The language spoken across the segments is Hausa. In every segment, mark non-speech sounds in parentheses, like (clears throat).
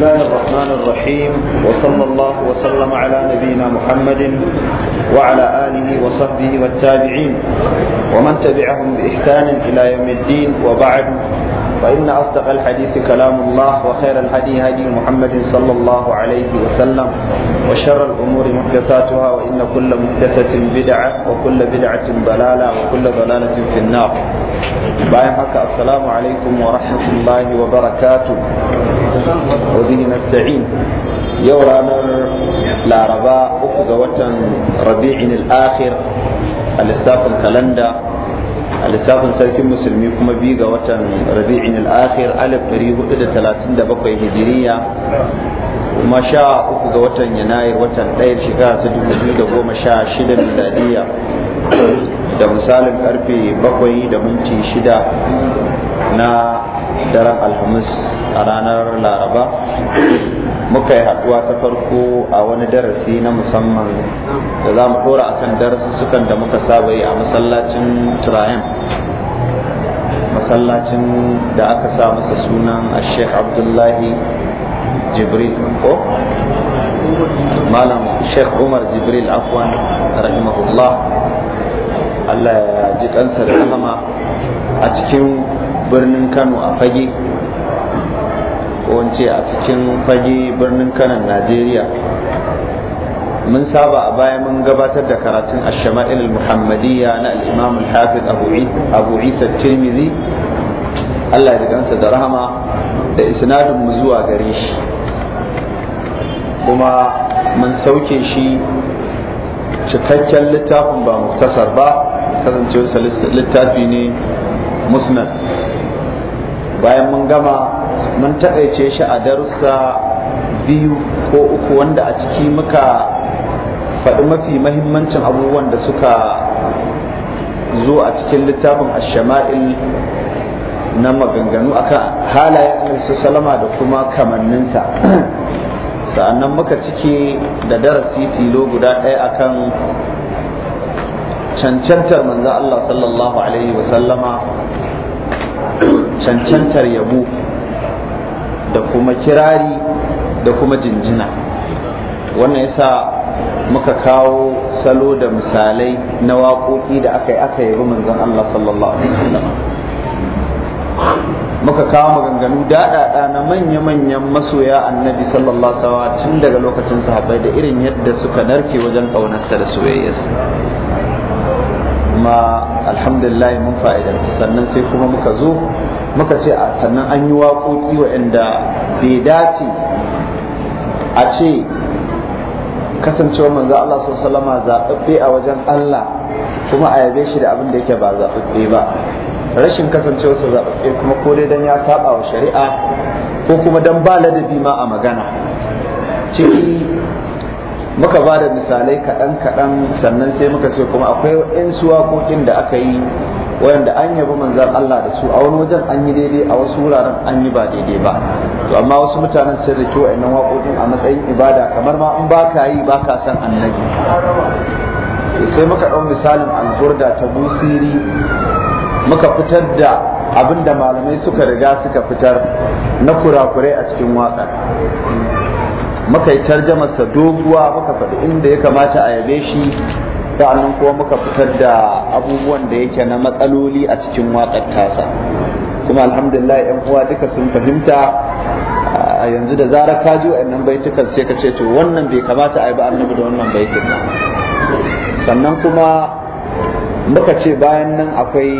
الله الرحمن الرحيم وصلى الله وسلم على نبينا محمد وعلى آله وصحبه والتابعين ومن تبعهم بإحسان إلى يوم الدين وبعد فإن أصدق الحديث كلام الله وخير الهدي هدي محمد صلى الله عليه وسلم وشر الأمور محدثاتها وإن كل محدثة بدعة وكل بدعة ضلالة وكل ضلالة في النار بايم حكى السلام عليكم ورحمة الله وبركاته وبه نستعين يورانا لا رباء أخذ وطن ربيع الآخر الإسلاف الكلندر a lissafin sarkin musulmi kuma biyu ga watan rabi'in al'akhir 1437 hijiriya kuma sha uku ga watan yanayi watan ɗayar shekara ta shida miladiya da misalin karfe bakwai da minti shida na daren alhamis a ranar laraba muka yi haɗuwa ta farko a wani darasi na musamman da za mu kora a kan darasussukan da muka saba yi a masallacin turayen masallacin da aka sa masa sunan a sheikh abdullahi jibril ko malam sheikh umar jibril afwan rahimahullah allah ya ji kansa da rahama a cikin birnin kano a fage wance a cikin fage birnin kanan najeriya mun saba a baya mun gabatar da karatun Ashama'il muhammadiyya na al-imam al-hafiz abu isa tirmidhi Allah ya kansa da rahama da isnadin mu zuwa gare shi kuma mun sauke shi cikakken littafin ba muktasar ba kasancewarsa littafi ne musnan, bayan mun gama mun taƙaice shi a darussa biyu ko uku wanda a ciki muka faɗi mafi mahimmancin abubuwan da suka zo a cikin littafin ashama'il na maganganu a kan halayen su salama da kuma kamanninsa (clears throat) sa'annan muka cike da darasi tilo guda ɗaya akan cancantar manzo Allah sallallahu alaihi wasallama cancantar yabo da kuma kirari da kuma jinjina wannan yasa muka kawo salo da misalai na waƙoƙi da aka yi aka yi zan Allah sallallahu alaihi wasallam muka kawo maganganu daɗaɗa na manya-manyan masoya annabi sallallahu alaihi wasallam tun daga lokacin sahabbai da irin yadda suka narke wajen ƙaunarsa da soyayyarsa kuma alhamdulillah mun fa'idanta sannan sai kuma muka zo muka ce a sannan an yi waƙoƙi waɗanda bai dace a ce kasancewar manzo Allah sallama zaɓaɓɓe a wajen Allah kuma a yabe shi da abin da yake ba zaɓaɓɓe ba rashin kasancewarsa zaɓaɓɓe kuma ko dai dan ya saɓa wa shari'a ko kuma dan ba ladabi ma a magana ciki muka ba da misalai kaɗan-kaɗan sannan sai muka ce kuma akwai waɗansu waƙoƙin da aka yi wayanda an yabi manzan Allah da su a wani wajen an yi daidai a wasu wuraren an yi ba daidai ba to amma wasu mutanen sun rike wa'annan waƙoƙin a matsayin ibada kamar ma in baka yi baka san annabi sai muka ɗau misalin alburda ta busiri muka fitar da abin da malamai suka riga suka fitar na kurakurai a cikin waƙar muka yi tarjamarsa doguwa muka faɗi inda ya kamata a yabe shi sa'annan kuma muka fitar da abubuwan da yake na matsaloli a cikin waƙar tasa kuma alhamdulillah yan uwa duka sun fahimta a yanzu da zarar ka ji wa'annan baitukan sai ka ce to wannan bai kamata a yi ba annabi da wannan baitin sannan kuma muka ce bayan nan akwai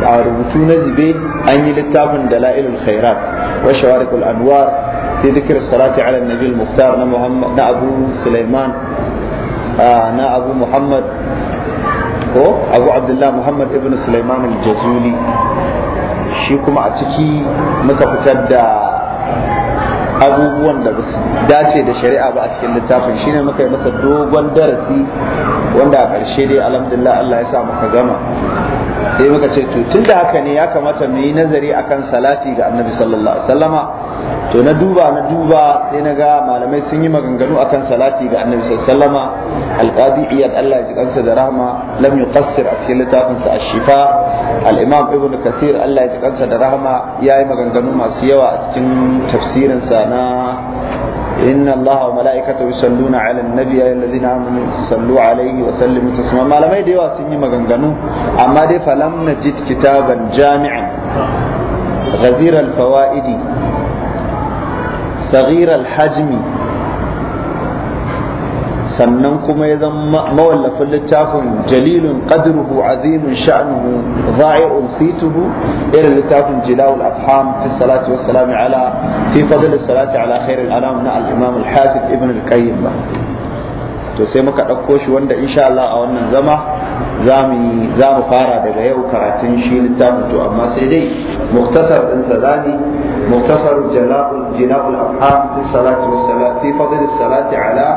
a rubutu na zube an yi littafin da la'ilul khairat wa shawarikul anwar fi dhikr salati ala nabi al-mukhtar na abu sulaiman na abu muhammad ko abu abdullah muhammad ibn sulaiman al-jazuli shi kuma a ciki muka fitar da abubuwan da ba dace da shari'a ba a cikin littafin shine muka yi masa dogon darasi wanda a ƙarshe dai alhamdulillah Allah ya sa muka gama sai muka ce to tun da haka ne ya kamata mu yi nazari akan salati ga annabi sallallahu alaihi wasallama to na duba na duba sai na ga malamai sun yi maganganu akan salati ga annabi sallama alqadi iyad Allah ya ji kansa da rahama lam yuqassir a cikin littafin a shifa al-imam ibn kasir Allah ya ji kansa da rahama yayi maganganu masu yawa a cikin tafsirin sa na inna Allah wa mala'ikatahu yusalluna 'ala an-nabi alladhina amanu sallu 'alayhi wa sallimu taslima malamai da yawa sun yi maganganu amma dai falam najid kitaban jami'an ghazir al-fawaidi saghiral hajmi sannan kuma ya zama mawallafin littafin jalilun qadruhu azimin sha'nuhu dha'i'un situhu irin littafin jilawul afham fi salati was salam ala fi fadl salati ala khairil alam na al-imam al-hafiz ibn al-qayyim ba to sai muka ɗauko shi wanda insha Allah a wannan zama zamu fara daga yau karatun shi littafin to amma sai dai muktasar ɗinsa zani مختصر جناب جناب الأرحام في الصلاة والسلام في فضل الصلاة على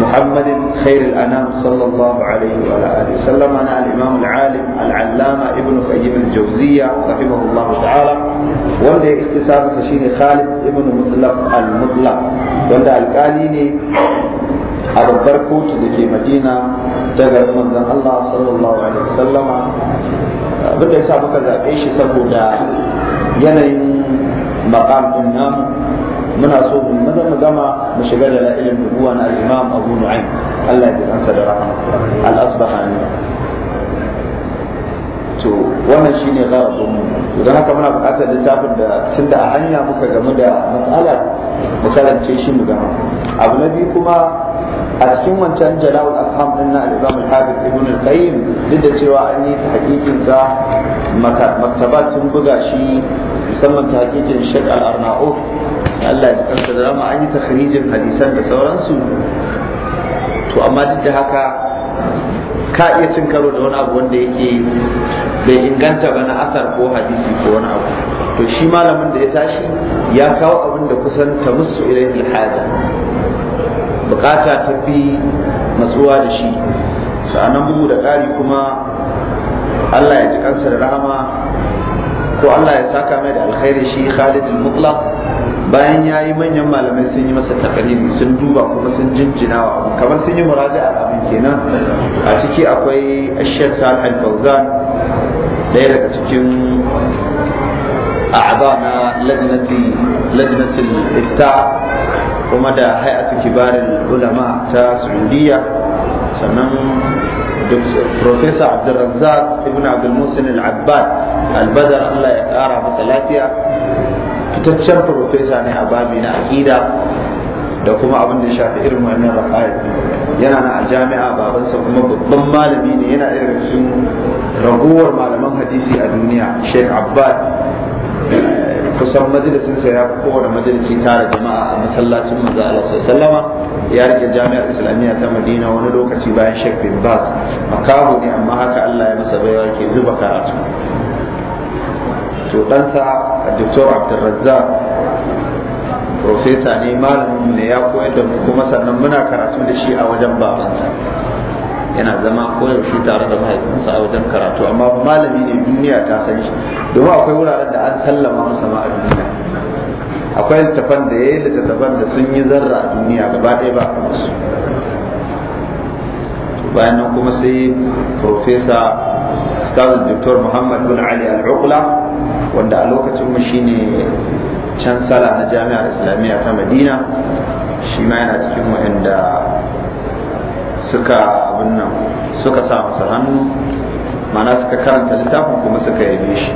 محمد خير الأنام صلى الله عليه وعلى آله وسلم أنا الإمام العالم العلامة ابن قيم الجوزية رحمه الله تعالى ولدي اختصار تشين خالد ابن مطلق المطلق وده القاليني أبو بركوت kotu مدينة ke من الله صلى الله عليه وسلم آه، بدأ يسابق ذلك إيش yasa muka zaɓe maqam din so mu maza mu gama mu shiga da la'ilin nubuwa na al-imam Abu Nu'aym Allah da rahama al to wannan shine gharadun mu idan haka muna buƙatar littafin da tunda a hanya muka gamu da mas'ala da karance shi mu gama abu na biyu kuma a cikin wancan jala'ul afham din na al-Imam al Ibn al-Qayyim duk da cewa an yi tahqiqin sa maktabat sun buga shi musamman ta hakikin shek arna'o. Allah ya kansa da rama an yi ta takharijin hadisan da sauransu to amma duk da haka ka iya cin karo da wani abu wanda yake bai inganta ba na athar ko hadisi ko wani abu to shi malamin da ya tashi ya kawo abin da kusan ta musu ilayhi haja bukata ta fi matsuwa da shi sa'anan bugu da ƙari kuma Allah ya ji kansa da rahama to Allah ya saka mai da alkhairi shi Khalid al-Mutlaq bayan yayi manyan malamai sun yi masa takalimi sun duba kuma sun jinjinawa kamar sun yi muraja'a abin kenan a ciki akwai Sheikh Salih al-Fawzan daya daga cikin a'aba na lajnati lajnatul ifta kuma da hay'atu kibarin ulama ta Saudiya sannan professor abdulrazzaq ibn abdulmusin al-abbad albadar allah ya kara masa lafiya fitaccen profesa ne a babi akida da kuma abinda ya shafi irin wannan rafa'il yana na a jami'a babansa kuma babban malami ne yana irin cikin ragowar malaman hadisi a duniya sheikh abbad kusan majalisinsa ya fi kowane majalisi tara jama'a a masallacin manzo Allah sallama ya rike jami'ar islamiyya ta madina wani lokaci bayan shek bin bas makaho ne amma haka allah ya masa baiwa ke zuba karatu to ɗansa doktor abdulrazzak profesa ne malamin ne ya koyar da mu kuma sannan muna karatu da shi a wajen babansa yana zama koyaushe tare da mahaifinsa a wajen karatu amma malami ne duniya ta san shi domin akwai wuraren da an sallama masa ma duniya akwai littattafan da ya yi littattafan da sun yi zarra a duniya gaba ɗaya ba kuma su bayan nan kuma sai profesa stazin dr muhammad bin ali al'uqla wanda a lokacin mu shine cansala na jami'ar islamiyya ta madina shi ma yana cikin wa'anda suka abin nan suka sa masa hannu mana suka karanta littafin kuma suka yabe shi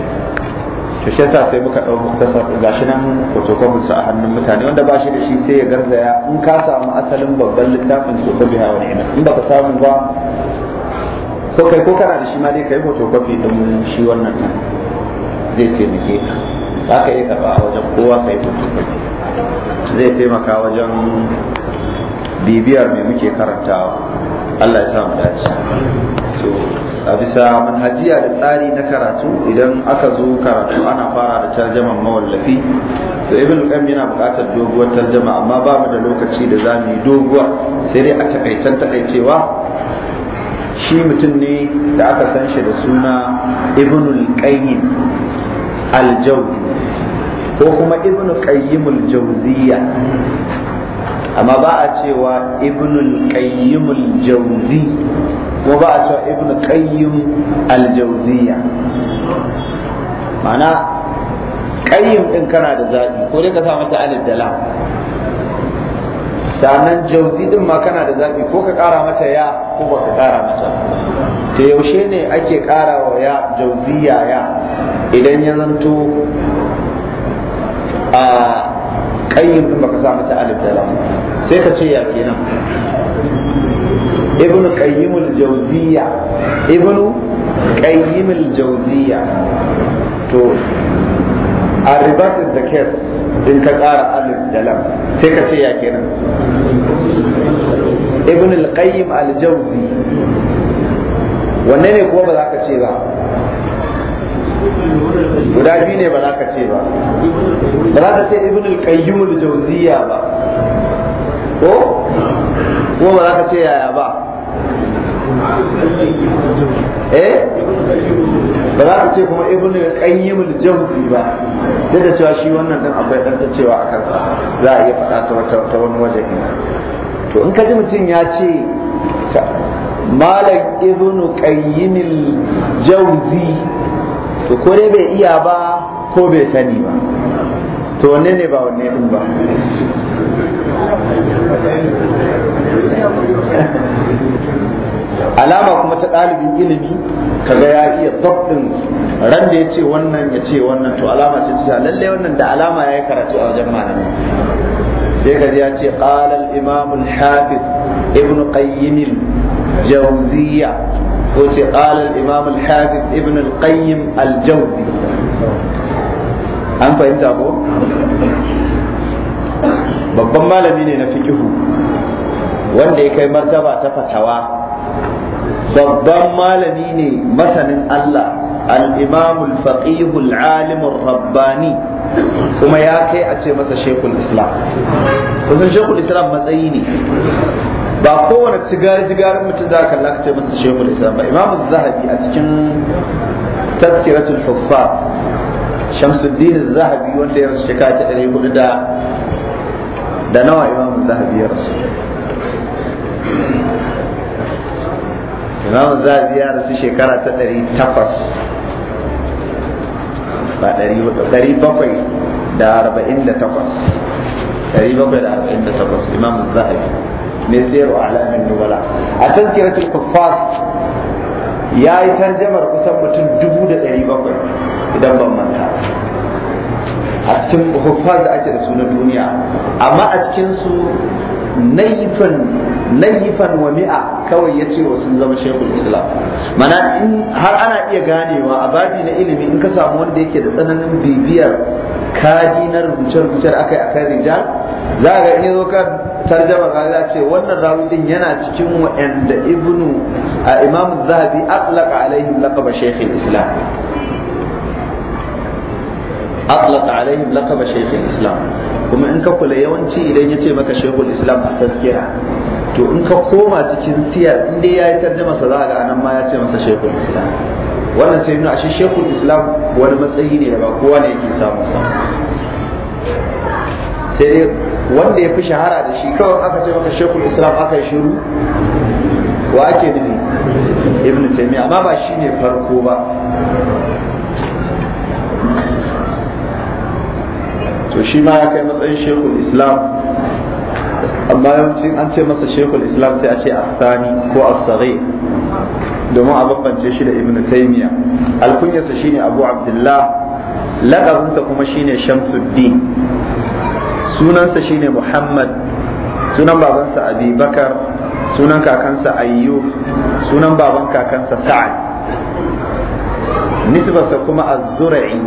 to shi yasa sai muka ɗau muktasar gashi nan photocopy sa a hannun mutane wanda ba shi da shi sai ya garzaya in ka samu asalin babban littafin to ka biya wani ina in baka samu ba ko kai ko kana da shi ma dai kai photocopy din shi wannan zai taimake ka ba ka yi karba a wajen kowa kai photocopy zai taimaka wajen bibiyar me muke karantawa Allah ya sa mu dace a bisa manhajiya da tsari na karatu idan aka zo karatu ana fara da tarjaman mawallafi to ibn qayyim yana buƙatar doguwar tarjama amma ba mu da lokaci da za mu yi doguwa sai dai a takaicen takaicewa shi mutum ne da aka san shi da suna ibn qayyim al-jawzi ko kuma ibn qayyim al jawziya amma ba a cewa ibn qayyim al-jawzi ko a cewa ibn qayyim al-jawziya ma'ana qayyim din kana da zabi ko dai ka sa mata alif da lam sannan Jawzi din ma kana da zabi ko ka kara mata ya ko ba ka kara mata ta yaushe ne ake kara wa ya Jawziya ya idan ya zanto a qayyim din baka sa mata alif da lam sai ka ce ya kenan ibn qayyim al-jawziya ibn qayyim to a ribat is the case in ka ƙara alif da sai ka ce ya kenan qayyim al wanne ne kuma ba za ka ce ba guda biyu ne ba za ka ce ba ba za ka ce ibn al-qayyim al-jawziya ba ko ko ba za ka ce yaya ba eh ba za ka ce kuma ibn qayyim al-jawzi ba duk da cewa shi wannan din akwai dan cewa a kansa za a iya faɗa ta wata ta wani waje to in ka ji mutum ya ce malam ibn qayyim jawzi to ko dai bai iya ba ko bai sani ba to wanne ne ba wanne din ba (laughs) alama kuma ta ɗalibin ilimi kaga ya iya dabbin ran da ya ce wannan ya ce wannan to alama ce cewa lalle wannan da alama ya yi karatu a wajen malami sai ka ya ce qala al imam al hafiz ibn qayyim jawziya ko ce qala al imam al hafiz ibn al qayyim al jawzi an fahimta ko babban malami ne na fikihu wanda ya kai martaba ta fatawa babban malami ne masanin Allah al-imam al-faqih rabbani kuma ya kai a ce masa shekul islam kusan shekul islam matsayi ne ba kowane cigar-cigarin mutum za ka ce masa shekul islam ba imam zahabi a cikin tazkiratul huffa shamsuddin zahabi wanda ya rasu shekara ɗari hudu da da nawa imam zahabi ya rasu imam zabi ya rasu shekara ta ɗari takwas ba ɗari bakwai da arba'in da takwas ɗari bakwai da arba'in da takwas imam zabi mai sayarwa alamin nubala a can tazkiratul kuffar ya yi tarjamar kusan mutum dubu da ɗari bakwai idan ban manta a cikin kuffar da ake da su na duniya amma a cikinsu naifin laifan wa mi'a kawai ya ce wa sun zama shekul islam mana in har ana iya ganewa a babi na ilimi in ka samu wanda yake da tsananin bibiyar kaji na rubuce-rubuce da aka a rijal za ga in zo ka tarjama ka za ce wannan rawi din yana cikin wa'anda ibnu a imamu zahabi atlaka alaihi laqab shekul islam أطلق alaihi laqab شيخ islam kuma in ka kula yawanci idan ya ce maka shekul islam a tazkira to in ka koma cikin siya in dai ya yi tarjama sa za a ga anan ma ya ce masa shekul islam wannan sai nuna ashe shekul islam wani matsayi ne da ba kowa ne yake samun sa sai dai wanda ya fi shahara da shi kawai aka ce maka shekul islam aka yi shiru wa ake nufi ibn taymiya amma ba shi ne farko ba to shi ma ya kai matsayin shekul islam amma yawancin an ce masa shekul islam sai a ce asani ko asare domin a bambance shi da ibn taymiya alkunyarsa shine abu abdullah laƙabinsa kuma shine shamsuddin sunansa shine muhammad sunan babansa abi sunan kakansa ayyub sunan baban kakansa sa'ad nisbarsa kuma az-zur'i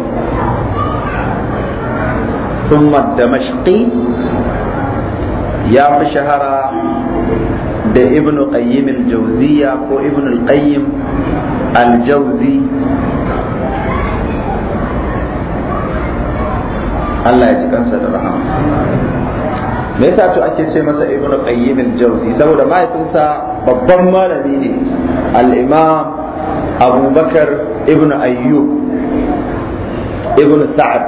ثم الدمشقي ya fi shahara da ibn qayyim al-jawziya ko ibn al-qayyim al-jawzi Allah ya ji kansa da rahama me yasa to ake ce masa ibn qayyim al-jawzi saboda mahaifinsa babban malami ne al-imam abubakar ibn ayyub ibn sa'ad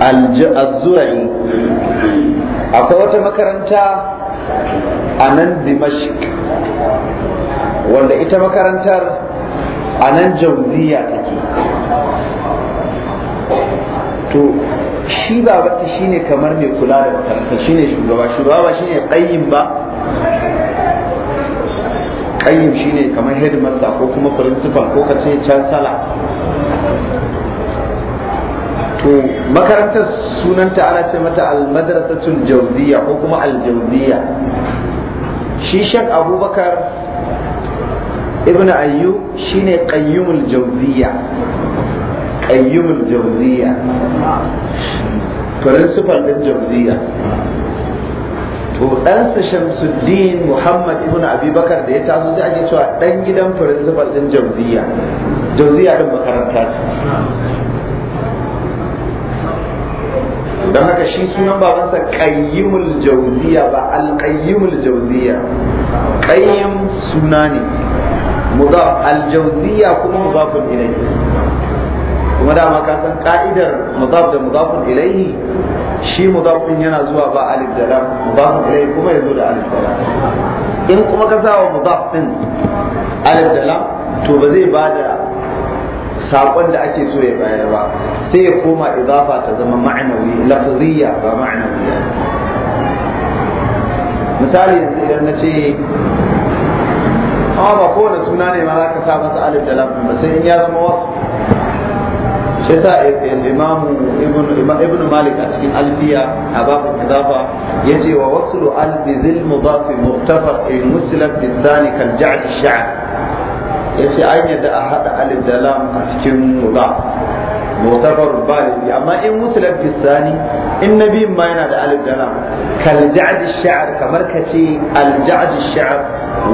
al-zura'i akwai wata makaranta a nan dimashik wanda ita makarantar a nan jauziya take to shi shi ne kamar mai kula da makarantar shi ne shugaba shugaba ba ne ƙayyin ba shi ne kamar headmaster ko kuma principal ko kace chancellor to makarantar sunanta ana ce mata almadrasatul jauziya ko kuma aljauziya shi shek abubakar ibn ayyu shine qayyumul jauziya qayyumul jauziya principal din jauziya to ɗansa shamsuddin muhammad ibn abubakar da ya taso sai ake cewa ɗan gidan principal din jauziya jauziya din makaranta ce don haka shi sunan babansa qayyimul jauziya ba alqayyimul jauziya qayyim suna ne mudaf aljauziya kuma mudafun ilayhi kuma dama ka san ka'idar mudaf da mudafun ilayhi shi mudaf yana zuwa ba alif da lam mudafun ilayhi kuma ya zo da alif da lam in kuma ka sa wa mudaf din alif da lam to ba zai ba da saƙon da ake so ya bayar ba sai ya koma idafa ta zama ma'anawi lafziya ba ma'anawiya misali yanzu idan na ce amma ah, ba kowane suna ne ma za ka sa masa alif da lafi ba sai in ya zama wasu shi sa imamu ibn malik a cikin alfiya a babin idafa ya ce wa wasu albi zil mudafi murtafa in musulab bin zani kan ja'ad sha'a ya ce an yadda a haɗa alif da lam a cikin muda mutafar baligi amma in musulun bisani in nabi ma yana da alif da lam kal ja'd sha'r kamar ka ce al ja'd sha'r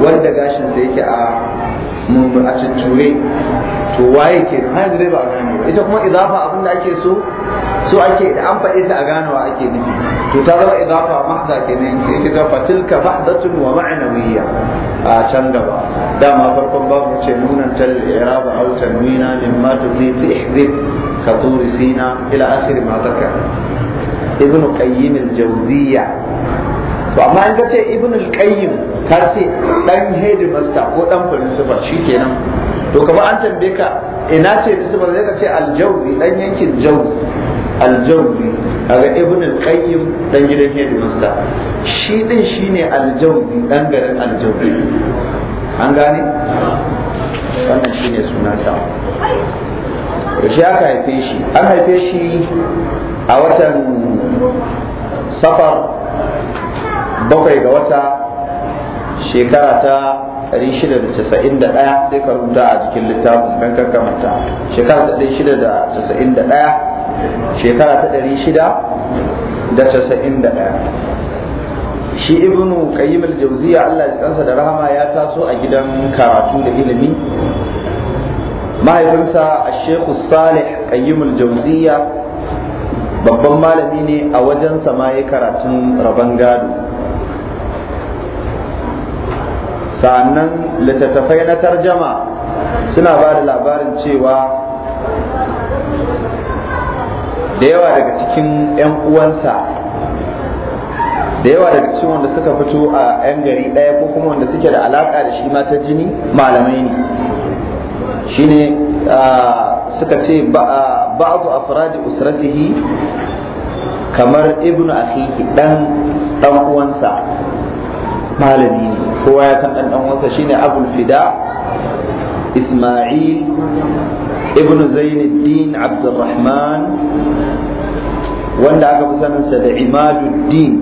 wanda gashin sa yake a mun a ture to waye ke har yanzu zai ba gane ba ita kuma idafa abin da ake so Su ake da an faɗi ta a ganawa ake nufi to ta zama idafa mahda kenan sai ta zafa tilka mahdatun wa ma'anawiyya a can gaba dama farkon babu ce nunan tal iraba aw tanwina mimma tudhi fi ihdib ka turi sina ila akhir ma zaka ibnu qayyim al-jawziyya to amma in ka ce ibnu al-qayyim ka ce dan headmaster ko dan principal shikenan to kamar an tambaye ka ina ce principal zai ka ce al-jawzi dan yankin jawz aljawzi kaga ibn al-qayyim dan gidan musta shi din shine aljawzi dan garin aljawzi an gane wannan shine sunansa shi aka haife shi an haife shi a watan safar bakwai ga wata shekara ta 691 sai ka rubuta a jikin littafin don kamata shekara 691 shekara ta ɗari shida da casa'in da ɗaya shi ibnu qayyim al Allah ya kansa da rahama ya taso a gidan karatu da ilimi mahaifinsa a shaykh salih qayyim al babban malami ne a wajen samayi ya karatun rabon gado sannan littattafai na tarjama suna ba da labarin cewa da yawa daga cikin 'yan uwansa da yawa daga cikin wanda suka fito a 'yan gari ɗaya ko kuma wanda suke da alaƙa da shi ma ta jini malamai ne shi ne suka ce ba a afradi usratihi kamar ibnu akhihi dan dan uwansa malami ne kowa ya san dan dan uwansa shine abul fida isma'il ibnu zainuddin abdurrahman wanda aka fi saninsa da imaduddin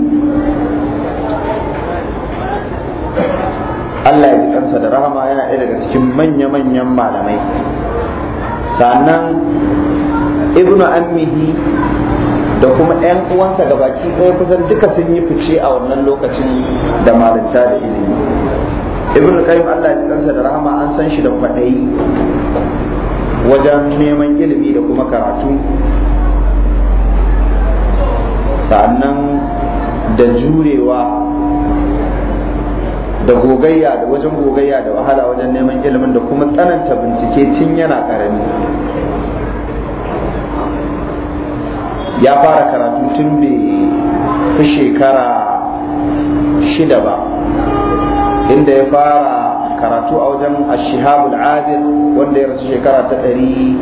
Allah ya ji kansa da rahama yana ɗaya daga cikin manya-manyan malamai sannan ibnu ammihi da kuma 'yan uwansa baki ɗaya kusan duka sun yi fice a wannan lokacin da malinta da ilimi ibn qayyim Allah ya kansa da rahama an san shi da kwaɗayi wajen neman ilimi da kuma karatu sannan da jurewa da gogayya da wajen gogayya da wahala wajen neman ilimin da kuma tsananta bincike tun yana karami ya fara karatu tun bai fi shekara shida ba inda ya fara karatu a wajen ashihabul adil wanda ya rasu shekara ta ɗari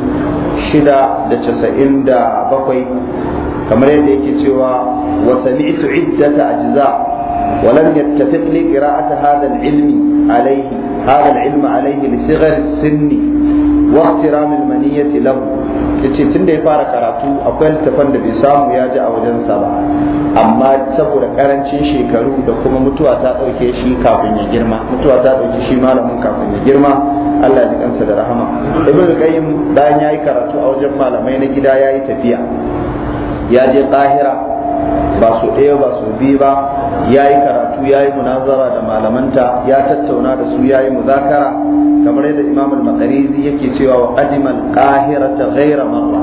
shida da casa'in da bakwai kamar yadda yake cewa wa sami'tu iddata ajza wa lam yattafiq li qira'ati hadha al-ilmi alayhi hadha al ilmi alayhi li sighar sinni wa ihtiram al-maniyati lahu yace tunda ya fara karatu akwai littafan da bai samu ya ji a wajen sa ba amma saboda karancin shekaru da kuma mutuwa ta dauke shi kafin ya girma mutuwa ta dauke shi malamin kafin ya girma Allah ya kansa da rahama ibnu qayyim bayan yayi karatu a wajen malamai na gida yayi tafiya ya je ƙahira ba su ɗaya ba su biyu ba ya yi karatu ya yi munazara da malamanta ya tattauna da su ya yi muzakara kamar yadda imam al-matsarizi yake cewa wa ajimal ƙahira ta ghaira marra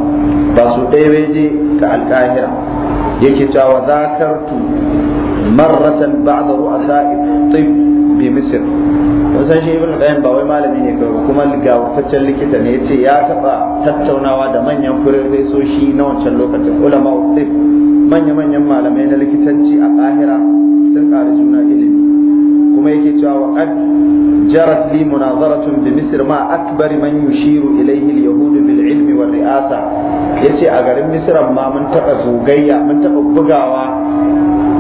ba su ɗaya bai je ga alƙahira yake cewa zakartu marratan ba'da ru'asa tib bi misr mun san shi ibnu qayyim ba wai malami ne kawai kuma ga gawataccen likita ne yace ya taba tattaunawa da manyan farfesoshi na wancan lokacin ulama uthib manya manyan malamai na likitanci a kahira. sun ƙara juna ilimi kuma yake cewa wa qad jarat li munazaratun bi misr ma akbar man yushiru ilayhi al yahud bil ilmi wal ri'asa yace a garin misra ma mun taba zugayya mun taba bugawa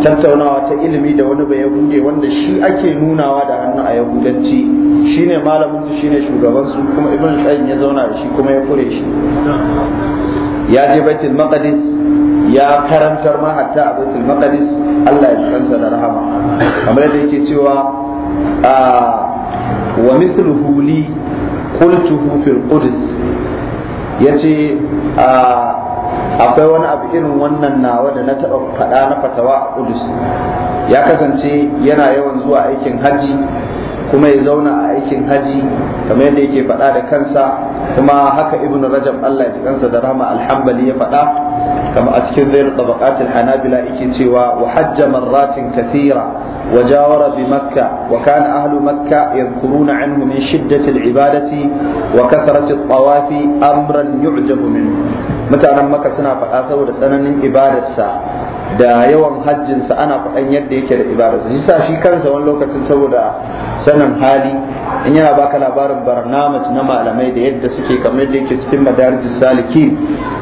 tattaunawa ta ilimi da wani bai yahude wanda shi ake nunawa da hannu a yahudanci shine malamin su shine shugaban su kuma ibn shayin ya zauna da shi kuma ya kure shi ya je baitul maqdis ya karantar ma hatta a baitul maqdis Allah ya kansa da rahama kamar da yake cewa ah, wa mithluhu li qultuhu fil qudus yace a ah, akwai wani abu irin wannan nawa da na taɓa faɗa na fatawa a kudus ya kasance yana yawan zuwa aikin hajji kuma ya zauna a aikin hajji kamar yadda yake faɗa da kansa kuma haka ibn rajab Allah ya kansa da rahma alhambali ya faɗa kama a cikin zairu tabaqatil hanabila yake cewa wa hajja marratin kathira وجاور بمكة وكان أهل مكة يذكرون عنه من شدة العبادة وكثرة الطواف أمرا يعجب منه متى أنا مكة سنة فأسا ودسأنا إبادة سا da yawan hajjinsa ana faɗan yadda yake da ibadarsa shi sa shi kansa wani lokacin saboda sanin hali in yana baka labarin barnamaj na malamai da yadda suke kamar da yake cikin madarijin saliki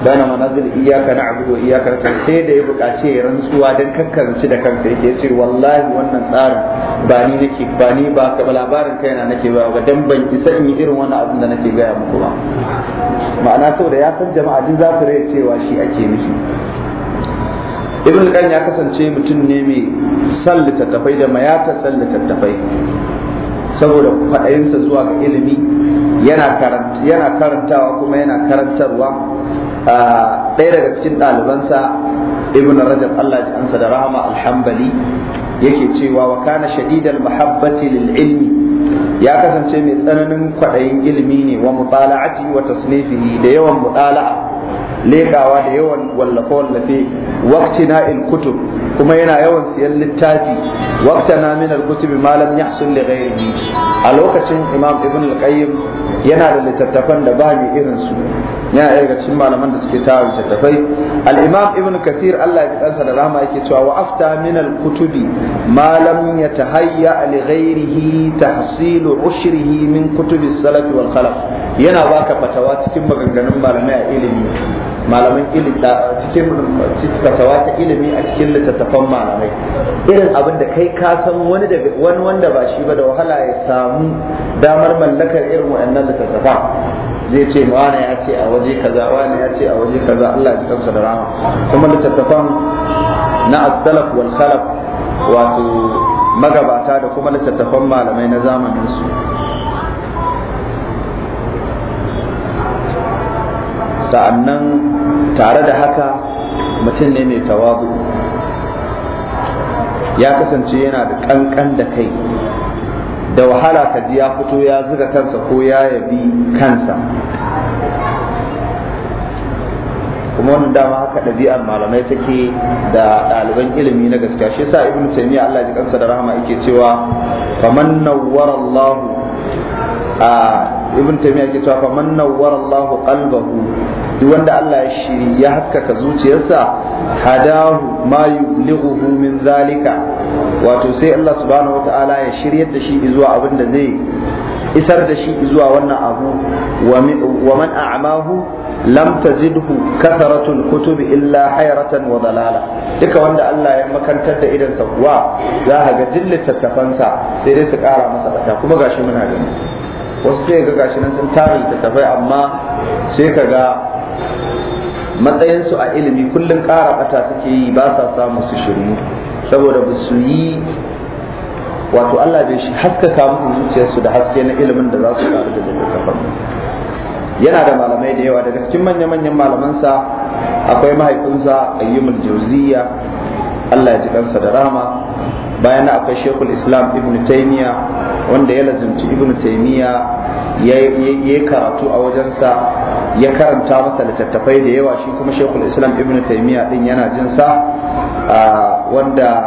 dana manazil iyaka na'budu wa iyaka nasta'in sai da ya buƙaci ya rantsuwa dan kakkarci da kansa yake ce wallahi wannan tsarin ba ni nake ba ni ba ka labarin kaina nake ba ba dan ban isa in yi irin wannan abin da nake gaya muku ba ma'ana saboda ya san jama'a duk za su rai cewa shi ake miki. ibn Kan ya kasance mutum ne mai sallata tafai da mayata sallata tafai saboda kwaɗayinsa zuwa ga ilimi yana karantawa kuma yana karantarwa ah, ɗaya daga cikin ɗalibansa ibn rajab Allah ji ansa da rahama alhambali yake cewa wa kana shadidal mahabbati lil ilmi ya kasance mai tsananin kwaɗayin ilimi ne wa mutala'ati wa tasnifihi da yawan mutala'a leƙawa da yawan wallafe wallafe waqtina il kutub kuma yana yawan siyan littafi waqtana min al kutub ma lam yahsul a lokacin imam ibn al qayyim yana da littattafan da ba mai irin su yana daga cikin malaman da suke tawo littattafai al imam ibn kathir Allah ya kansa da rama yake cewa wa afta min al kutubi ما لم يتهيأ لغيره تحصيل عشره من كتب السلف والخلف yana baka fatawa cikin maganganun malamai a ilimi malaman ilimi cikin fatawa ta ilimi a cikin littattafan malamai irin abin da kai ka san wani daga wani wanda ba shi ba da wahala ya samu damar mallakar irin wa'annan littattafan zai ce wani ya ce a waje kaza wani ya ce a waje kaza Allah ya ji kansa da rama kuma littattafan na as-salaf wal khalaf wato magabata da kuma littattafan malamai na zamanin su, sa'annan tare da haka mutum ne mai tawazu ya kasance yana da kankan da kai da wahala ka ji ya fito ya zuga kansa ko ya yabi kansa kuma wannan dama haka ɗabi'ar malamai take da ɗaliban ilimi na gaskiya shi sa ibnu taymiya Allah ya kansa da rahama yake cewa faman nawwara Allah a ibnu taymiya yake cewa faman nawwara Allah qalbahu duk wanda Allah ya shiri ya haskaka zuciyarsa hadahu ma yublighuhu min zalika wato sai Allah subhanahu wataala ya shirya da shi zuwa abin da zai isar da shi zuwa wannan abu wa man a'mahu lam tazidhu katharatul kutub illa hayratan wa dalala duka wanda Allah ya makantar da idan sa kuwa za ka ga dillin sa sai dai su kara masa bata kuma gashi muna gani wasu sai ga gashi nan sun tara tattafai amma sai ka ga matsayin su a ilimi kullum kara bata suke yi ba sa samu su shiru saboda ba su yi wato Allah bai haskaka musu zuciyarsu da haske na ilimin da za su karu da littattafan yana da malamai da yawa daga cikin manya-manyan malamansa akwai mahaifinsa ayyumul jauziya Allah ya ji kansa da rama bayan akwai shekul islam ibn taimiya wanda ya lazimci ibn taimiya ya karatu a wajensa ya karanta masa littattafai da yawa shi kuma shekul islam ibn taimiya din yana jinsa wanda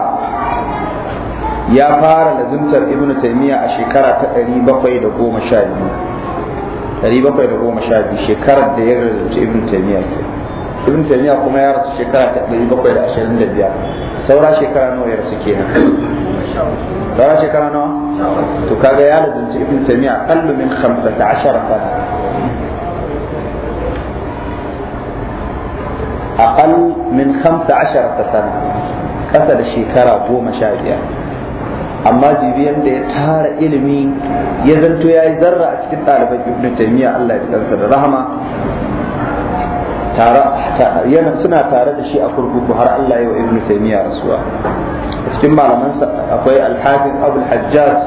ya fara lazimtar ibn taimiya a shekara ta 712 712 shekarar da ya rasu ibn taymiya ibn taymiya kuma ya rasu shekara ta 725 saura shekara nawa ya rasu kenan saura shekara nawa to kaga ya lazumci ibn taymiya qallu min 15 sana aqall min 15 sana kasa da shekara 15 amma jibiyan da ya tara ilimi ya zanto ya yi zarra a cikin ɗaliban ibn taimiyya Allah ya kansa da rahama suna tare da shi a kurkuku har Allah ya wa ibn taimiyya rasuwa a cikin malamansa akwai alhafin abul hajjaj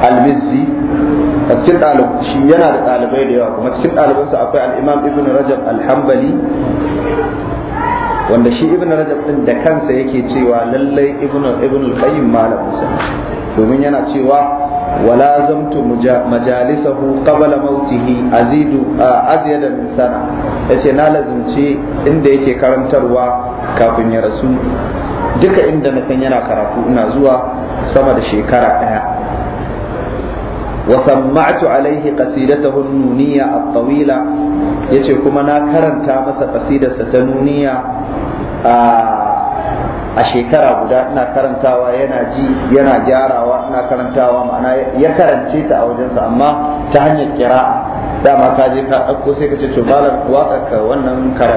al-mizzi a cikin ɗalibai shi yana da ɗalibai da yawa kuma cikin ɗalibansa akwai al-imam ibn rajab al hambali wanda shi ibn rajab din da kansa yake cewa lallai ibn ibn al-qayyim malam sa domin yana cewa wala zamtu majalisahu qabla mautihi azidu azyada min sana yace na lazimci inda yake karantarwa kafin ya rasu duka inda na san yana karatu ina zuwa sama da shekara daya qasidatahu an-nuniyya At-tawila. yace kuma na karanta masa fasidarsa ta nuniya a shekara guda ina karantawa yana ji yana gyarawa ina karantawa ma'ana ya karance ta a wajensa amma ta hanyar kira'a dama ka je ka ɗauko sai ka ce to malam waka ka wannan karatu